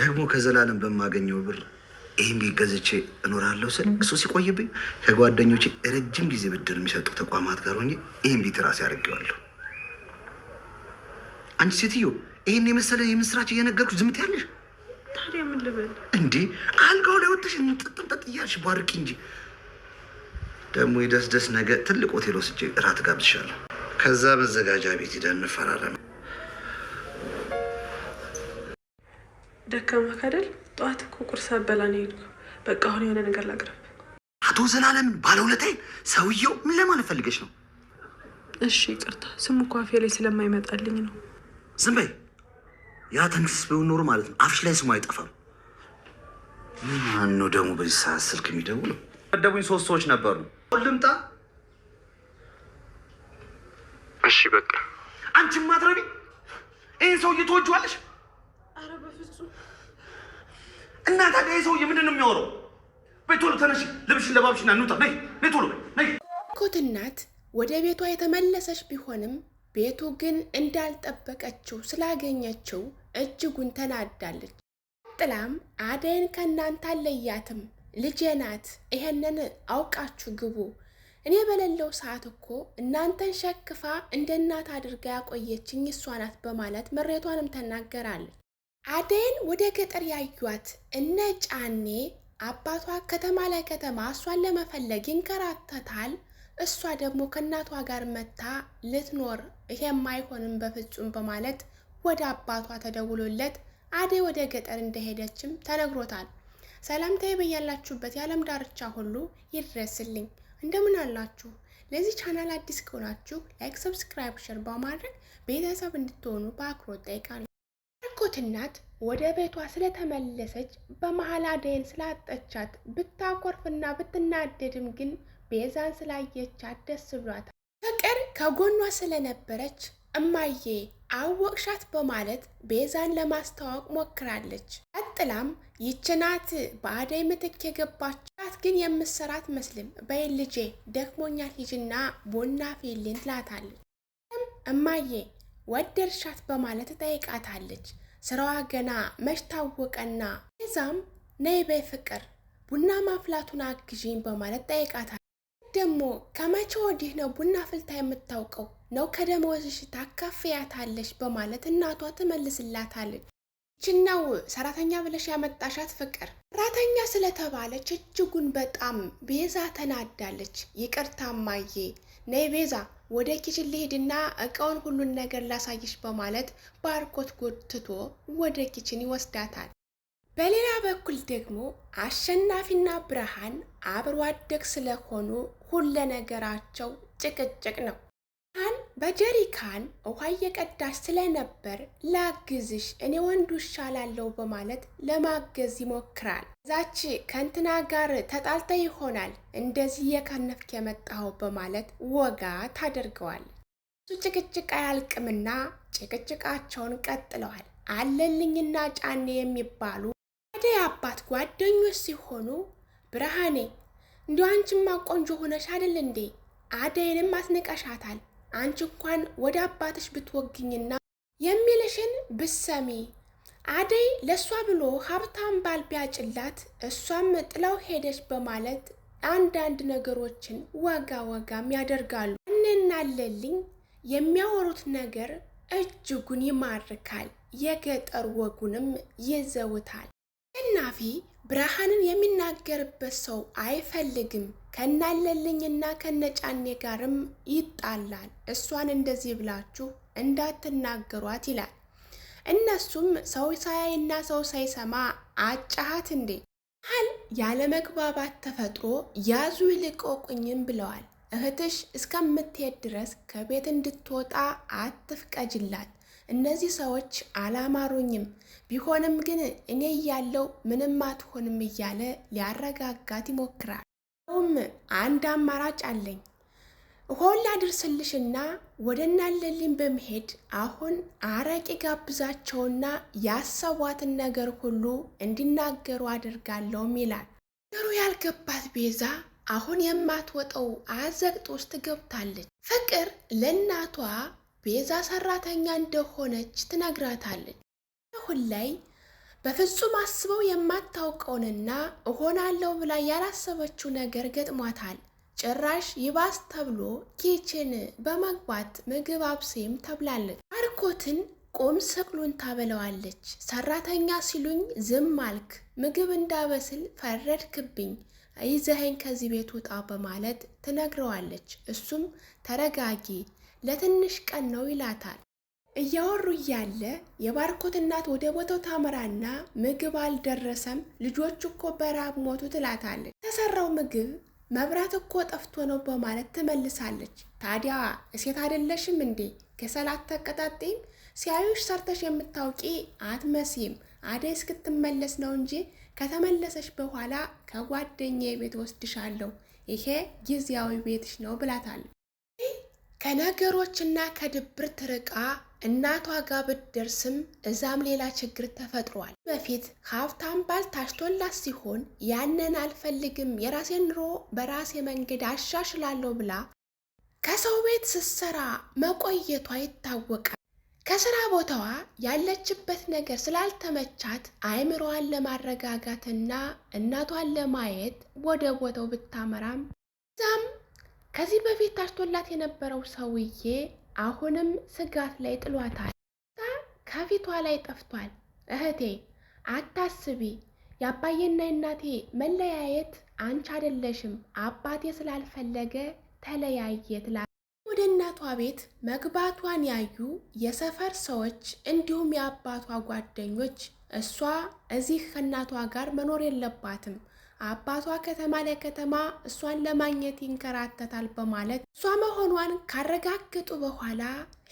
ደግሞ ከዘላለም በማገኘው ብር ይህም ቤት ገዝቼ እኖራለሁ ስል እሱ ሲቆይብኝ ከጓደኞቼ ረጅም ጊዜ ብድር የሚሰጡ ተቋማት ጋር ሆኜ ይህም ቤት ራሴ አድርጌዋለሁ። አንቺ ሴትዮ ይህን የመሰለ የምስራች እየነገርኩሽ ዝም ትያለሽ? ታዲያ ምን ልበል እንዴ? አልጋው ላይ ወጥተሽ እንጠጥንጠጥ እያልሽ ባርቂ እንጂ። ደግሞ የደስደስ ነገ ትልቅ ሆቴል ወስጄ እራት ጋብዝሻለሁ። ከዛ መዘጋጃ ቤት ሂደን እንፈራረም ደከማ ካደል ጠዋት እኮ ቁርስ አበላ ነው የሄድኩት። በቃ አሁን የሆነ ነገር ላቅርብ። አቶ ዘላለምን ባለውለታዬ፣ ሰውየው ምን ለማለት ፈልገሽ ነው? እሺ ይቅርታ፣ ስሙ እኮ አፌ ላይ ስለማይመጣልኝ ነው። ዝም በይ። ያ ተንክስ ቢሆን ኖሮ ማለት ነው አፍሽ ላይ ስሙ አይጠፋም። ነው ደግሞ በዚህ ሰዓት ስልክ የሚደውለው? ደቡኝ ሶስት ሰዎች ነበሩ። ልምጣ። እሺ በቃ አንቺ ማትረቢ ይህን ሰውዬ ትወጂዋለሽ? እና ታዲያ ይህ ሰውዬ ምንድን ነው የሚያወራው? በይ ቶሎ ተነሽ፣ ልብሽን ለባብሽና እንውጣ። ነይ ነይ ቶሎ በይ። ኮት እናት ወደ ቤቷ የተመለሰች ቢሆንም ቤቱ ግን እንዳልጠበቀችው ስላገኘችው እጅጉን ተናዳለች። ጥላም አደይን ከእናንተ አለያትም ልጄ ናት፣ ይሄንን አውቃችሁ ግቡ። እኔ በሌለው ሰዓት እኮ እናንተን ሸክፋ እንደ እናት አድርጋ ያቆየችኝ እሷ ናት በማለት ምሬቷንም ተናገራለች። አደይን ወደ ገጠር ያዩት እነ ጫኔ አባቷ ከተማ ላይ ከተማ እሷን ለመፈለግ ይንከራተታል። እሷ ደግሞ ከእናቷ ጋር መታ ልትኖር ይሄም አይሆንም በፍጹም በማለት ወደ አባቷ ተደውሎለት አደይ ወደ ገጠር እንደሄደችም ተነግሮታል። ሰላምታዬ በያላችሁበት የዓለም ዳርቻ ሁሉ ይድረስልኝ። እንደምን አላችሁ? ለዚህ ቻናል አዲስ ከሆናችሁ ላይክ፣ ሰብስክራይብ፣ ሸር በማድረግ ቤተሰብ እንድትሆኑ በአክብሮት ጠይቃለሁ። የትሁት እናት ወደ ቤቷ ስለተመለሰች በመሀል አደይን ስላጠቻት ብታኮርፍና ብትናደድም ግን ቤዛን ስላየቻት ደስ ብሏታል። ፍቅር ከጎኗ ስለነበረች እማዬ አወቅሻት በማለት ቤዛን ለማስተዋወቅ ሞክራለች። ቀጥላም ይችናት በአደይ ምትክ የገባችት ግን የምሰራ መስልም በይ ልጄ ደክሞኛል፣ ሂጂና ቡና ፊልን ትላታለች። እማዬ ወደድሻት በማለት ትጠይቃታለች። ስራዋ ገና መች ታወቀና ከዛም ነይ በይ ፍቅር ቡና ማፍላቱን አግዥኝ በማለት ጠይቃታል። ደግሞ ከመቼ ወዲህ ነው ቡና ፍልታ የምታውቀው? ነው ከደመወዝሽ ታካፍያታለሽ በማለት እናቷ ትመልስላታለች። ችናው ሰራተኛ ብለሽ ያመጣሻት ፍቅር ሰራተኛ ስለተባለች እጅጉን በጣም ቤዛ ተናዳለች። ይቅርታ ማዬ፣ ነይ ቤዛ ወደ ኪችን ልሄድና እቃውን ሁሉን ነገር ላሳይሽ በማለት ባርኮት ጎትቶ ወደ ኪችን ይወስዳታል። በሌላ በኩል ደግሞ አሸናፊና ብርሃን አብሮ አደግ ስለሆኑ ሁለ ነገራቸው ጭቅጭቅ ነው። ሀን በጀሪካን ውሃ እየቀዳች ስለነበር ላግዝሽ፣ እኔ ወንዱ ይሻላለሁ በማለት ለማገዝ ይሞክራል። ዛች ከእንትና ጋር ተጣልተ ይሆናል እንደዚህ የከነፍክ የመጣኸው በማለት ወጋ ታደርገዋል። እሱ ጭቅጭቅ አያልቅምና ጭቅጭቃቸውን ቀጥለዋል። አለልኝና ጫኔ የሚባሉ አደይ አባት ጓደኞች ሲሆኑ ብርሃኔ እንዲሁ አንቺማ ቆንጆ ሆነሽ አይደል እንዴ? አደይንም አስንቀሻታል አንቺ እንኳን ወደ አባትሽ ብትወግኝና የሚልሽን ብሰሚ አደይ ለእሷ ብሎ ሀብታም ባል ቢያጭላት እሷም ጥላው ሄደች በማለት አንዳንድ ነገሮችን ወጋ ወጋም ያደርጋሉ። እንናለልኝ የሚያወሩት ነገር እጅጉን ይማርካል። የገጠር ወጉንም ይዘውታል። አሸናፊ ብርሃንን የሚናገርበት ሰው አይፈልግም። ከናለልኝና ከነጫኔ ጋርም ይጣላል። እሷን እንደዚህ ብላችሁ እንዳትናገሯት ይላል። እነሱም ሰው ሳያይና ሰው ሳይሰማ አጫሃት እንዴ ሀል ያለመግባባት ተፈጥሮ ያዙ ይልቀቁኝም ብለዋል። እህትሽ እስከምትሄድ ድረስ ከቤት እንድትወጣ አትፍቀጅላት። እነዚህ ሰዎች አላማሩኝም፣ ቢሆንም ግን እኔ እያለው ምንም አትሆንም እያለ ሊያረጋጋት ይሞክራል። ሁም አንድ አማራጭ አለኝ። ሆን ላድርስልሽና ወደ እናለልኝ በመሄድ አሁን አረቄ ጋብዛቸውና ያሰቧትን ነገር ሁሉ እንዲናገሩ አድርጋለሁም ይላል። ነገሩ ያልገባት ቤዛ አሁን የማትወጣው አዘቅት ውስጥ ገብታለች። ፍቅር ለእናቷ ቤዛ ሰራተኛ እንደሆነች ትነግራታለች። አሁን ላይ በፍጹም አስበው የማታውቀውንና እሆናለሁ ብላ ያላሰበችው ነገር ገጥሟታል። ጭራሽ ይባስ ተብሎ ኪችን በመግባት ምግብ አብሴም ተብላለች። ባርኮትን ቁም ስቅሉን ታበለዋለች። ሰራተኛ ሲሉኝ ዝም አልክ፣ ምግብ እንዳበስል ፈረድክብኝ፣ ይዘኸኝ ከዚህ ቤት ውጣ በማለት ትነግረዋለች። እሱም ተረጋጊ ለትንሽ ቀን ነው ይላታል። እያወሩ እያለ የባርኮት እናት ወደ ቦታው ታምራና ምግብ አልደረሰም፣ ልጆቹ እኮ በረሃብ ሞቱ ትላታለች። የተሰራው ምግብ መብራት እኮ ጠፍቶ ነው በማለት ትመልሳለች። ታዲያ እሴት አይደለሽም እንዴ ከሰል አታቀጣጢም? ሲያዩሽ ሰርተሽ የምታውቂ አትመሲም። አደይ እስክትመለስ ነው እንጂ ከተመለሰች በኋላ ከጓደኛዬ ቤት ወስድሻለሁ፣ ይሄ ጊዜያዊ ቤትሽ ነው ብላታለች። ከነገሮችና ከድብር ትርቃ እናቷ ጋር ብትደርስም እዛም ሌላ ችግር ተፈጥሯል። በፊት ሀብታም ባል ታሽቶላት ሲሆን ያንን አልፈልግም የራሴ ኑሮ በራሴ መንገድ አሻሽላለሁ ብላ ከሰው ቤት ስትሰራ መቆየቷ ይታወቃል። ከስራ ቦታዋ ያለችበት ነገር ስላልተመቻት አእምሮዋን ለማረጋጋትና እናቷን ለማየት ወደ ቦታው ብታመራም እዛም ከዚህ በፊት ታሽቶላት የነበረው ሰውዬ አሁንም ስጋት ላይ ጥሏታል። ከፊቷ ላይ ጠፍቷል። እህቴ አታስቢ፣ የአባዬና እናቴ መለያየት አንቺ አይደለሽም አባቴ ስላልፈለገ ተለያየ ትላል። ወደ እናቷ ቤት መግባቷን ያዩ የሰፈር ሰዎች እንዲሁም የአባቷ ጓደኞች እሷ እዚህ ከእናቷ ጋር መኖር የለባትም አባቷ ከተማ ለከተማ እሷን ለማግኘት ይንከራተታል በማለት እሷ መሆኗን ካረጋገጡ በኋላ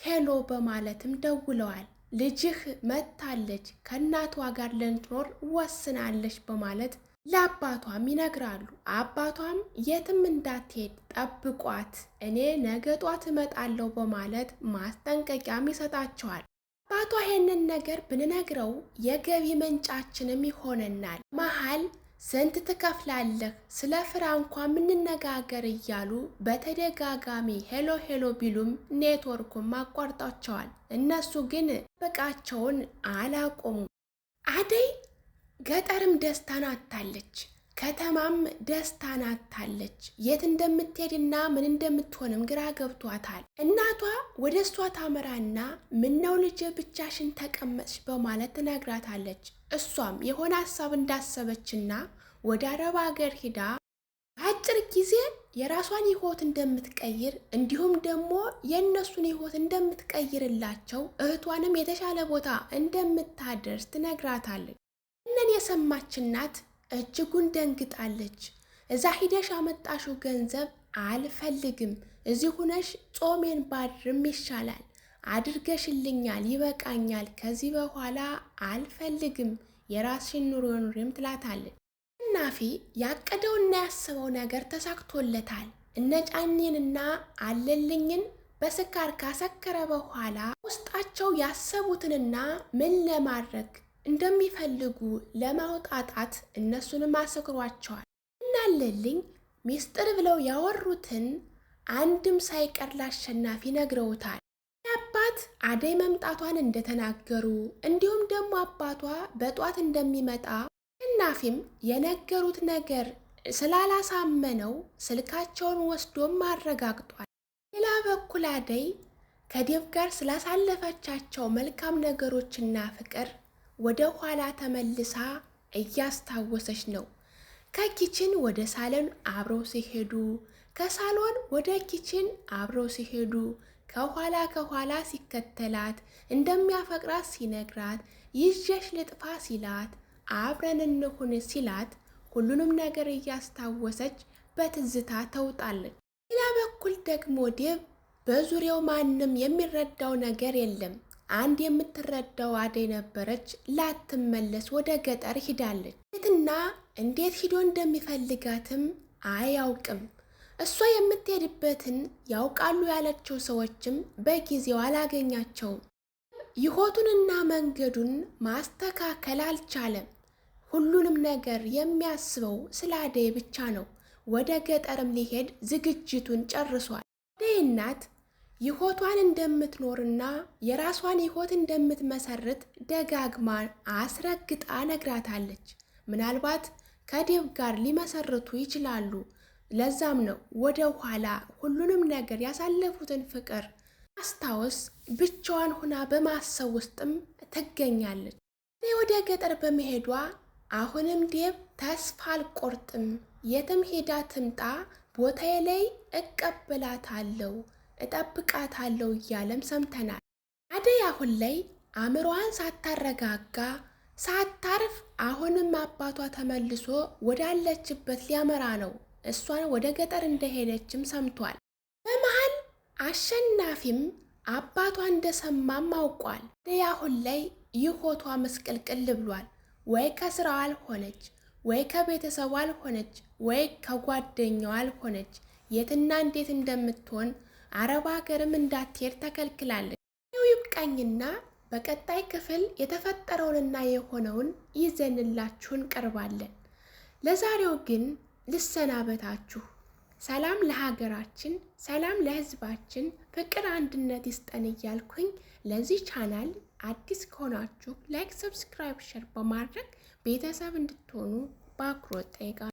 ሄሎ በማለትም ደውለዋል። ልጅህ መታለች ከእናቷ ጋር ልትኖር ወስናለች በማለት ለአባቷም ይነግራሉ። አባቷም የትም እንዳትሄድ ጠብቋት፣ እኔ ነገ ጧት እመጣለሁ በማለት ማስጠንቀቂያም ይሰጣቸዋል። አባቷ ይሄንን ነገር ብንነግረው የገቢ ምንጫችንም ይሆነናል መሀል ስንት ትከፍላለህ? ስለ እንኳ ምንነጋገር እያሉ በተደጋጋሚ ሄሎ ሄሎ ቢሉም ኔትወርኩም አቋርጧቸዋል። እነሱ ግን በቃቸውን አላቆሙም። አደይ ገጠርም ደስታን አታለች። ከተማም ደስታን ናታለች የት እንደምትሄድና ምን እንደምትሆንም ግራ ገብቷታል። እናቷ ወደ እሷ ታመራና ምነው ልጄ ብቻሽን ተቀመጥሽ በማለት ትነግራታለች። እሷም የሆነ ሀሳብ እንዳሰበችና ወደ አረብ ሀገር ሂዳ በአጭር ጊዜ የራሷን ህይወት እንደምትቀይር እንዲሁም ደግሞ የእነሱን ህይወት እንደምትቀይርላቸው እህቷንም የተሻለ ቦታ እንደምታደርስ ትነግራታለች። እነን የሰማች እናት እጅጉን ደንግጣለች። እዛ ሂደሽ አመጣሽው ገንዘብ አልፈልግም፣ እዚህ ሁነሽ ጾሜን ባድርም ይሻላል። አድርገሽልኛል፣ ይበቃኛል። ከዚህ በኋላ አልፈልግም፣ የራስሽን ኑሮ ኑሪም ትላታለች። ናፊ ያቀደውና ያስበው ነገር ተሳክቶለታል። እነ ጫኔንና አለልኝን በስካር ካሰከረ በኋላ ውስጣቸው ያሰቡትንና ምን ለማድረግ እንደሚፈልጉ ለማውጣጣት እነሱንም አሰክሯቸዋል። እናለልኝ ሚስጥር ብለው ያወሩትን አንድም ሳይቀር ለአሸናፊ ነግረውታል። አባት አደይ መምጣቷን እንደተናገሩ እንዲሁም ደግሞ አባቷ በጧት እንደሚመጣ አሸናፊም የነገሩት ነገር ስላላሳመነው ስልካቸውን ወስዶም አረጋግጧል። ሌላ በኩል አደይ ከዴቭ ጋር ስላሳለፈቻቸው መልካም ነገሮችና ፍቅር ወደ ኋላ ተመልሳ እያስታወሰች ነው። ከኪችን ወደ ሳሎን አብረው ሲሄዱ፣ ከሳሎን ወደ ኪችን አብረው ሲሄዱ ከኋላ ከኋላ ሲከተላት እንደሚያፈቅራት ሲነግራት ይዤሽ ልጥፋ ሲላት አብረን እንሁን ሲላት ሁሉንም ነገር እያስታወሰች በትዝታ ተውጣለች። ሌላ በኩል ደግሞ ዴብ በዙሪያው ማንም የሚረዳው ነገር የለም። አንድ የምትረዳው አደይ ነበረች። ላትመለስ ወደ ገጠር ሂዳለች። የትና እንዴት ሂዶ እንደሚፈልጋትም አያውቅም። እሷ የምትሄድበትን ያውቃሉ ያለችው ሰዎችም በጊዜው አላገኛቸውም። ይሆቱንና መንገዱን ማስተካከል አልቻለም። ሁሉንም ነገር የሚያስበው ስለ አደይ ብቻ ነው። ወደ ገጠርም ሊሄድ ዝግጅቱን ጨርሷል። አደይ እናት ይሆቷን እንደምትኖርና የራሷን ይሆት እንደምትመሰርት ደጋግማ አስረግጣ ነግራታለች። ምናልባት ከዴቭ ጋር ሊመሰርቱ ይችላሉ። ለዛም ነው ወደ ኋላ ሁሉንም ነገር ያሳለፉትን ፍቅር ማስታወስ ብቻዋን ሆና በማሰብ ውስጥም ትገኛለች። እኔ ወደ ገጠር በመሄዷ አሁንም ዴቭ ተስፋ አልቆርጥም፣ የትም ሄዳ ትምጣ ቦታዬ ላይ እቀበላታለሁ እጠብቃታለሁ እያለም ሰምተናል። አደይ አሁን ላይ አእምሮዋን ሳታረጋጋ ሳታርፍ አሁንም አባቷ ተመልሶ ወዳለችበት ሊያመራ ነው። እሷን ወደ ገጠር እንደሄደችም ሰምቷል። በመሃል አሸናፊም አባቷ እንደሰማም አውቋል። አደይ አሁን ላይ ይሆቷ መስቀልቅል ብሏል። ወይ ከስራው አልሆነች፣ ወይ ከቤተሰቡ አልሆነች፣ ወይ ከጓደኛው አልሆነች። የትና እንዴት እንደምትሆን አረብ ሀገርም እንዳትሄድ ተከልክላለች። ይኸው ይብቃኝና በቀጣይ ክፍል የተፈጠረውንና የሆነውን ይዘንላችሁን ቀርባለን። ለዛሬው ግን ልሰናበታችሁ። ሰላም ለሀገራችን፣ ሰላም ለሕዝባችን፣ ፍቅር አንድነት ይስጠን እያልኩኝ ለዚህ ቻናል አዲስ ከሆናችሁ ላይክ፣ ሰብስክራይብ፣ ሸር በማድረግ ቤተሰብ እንድትሆኑ በአክብሮት ጠይቃለሁ።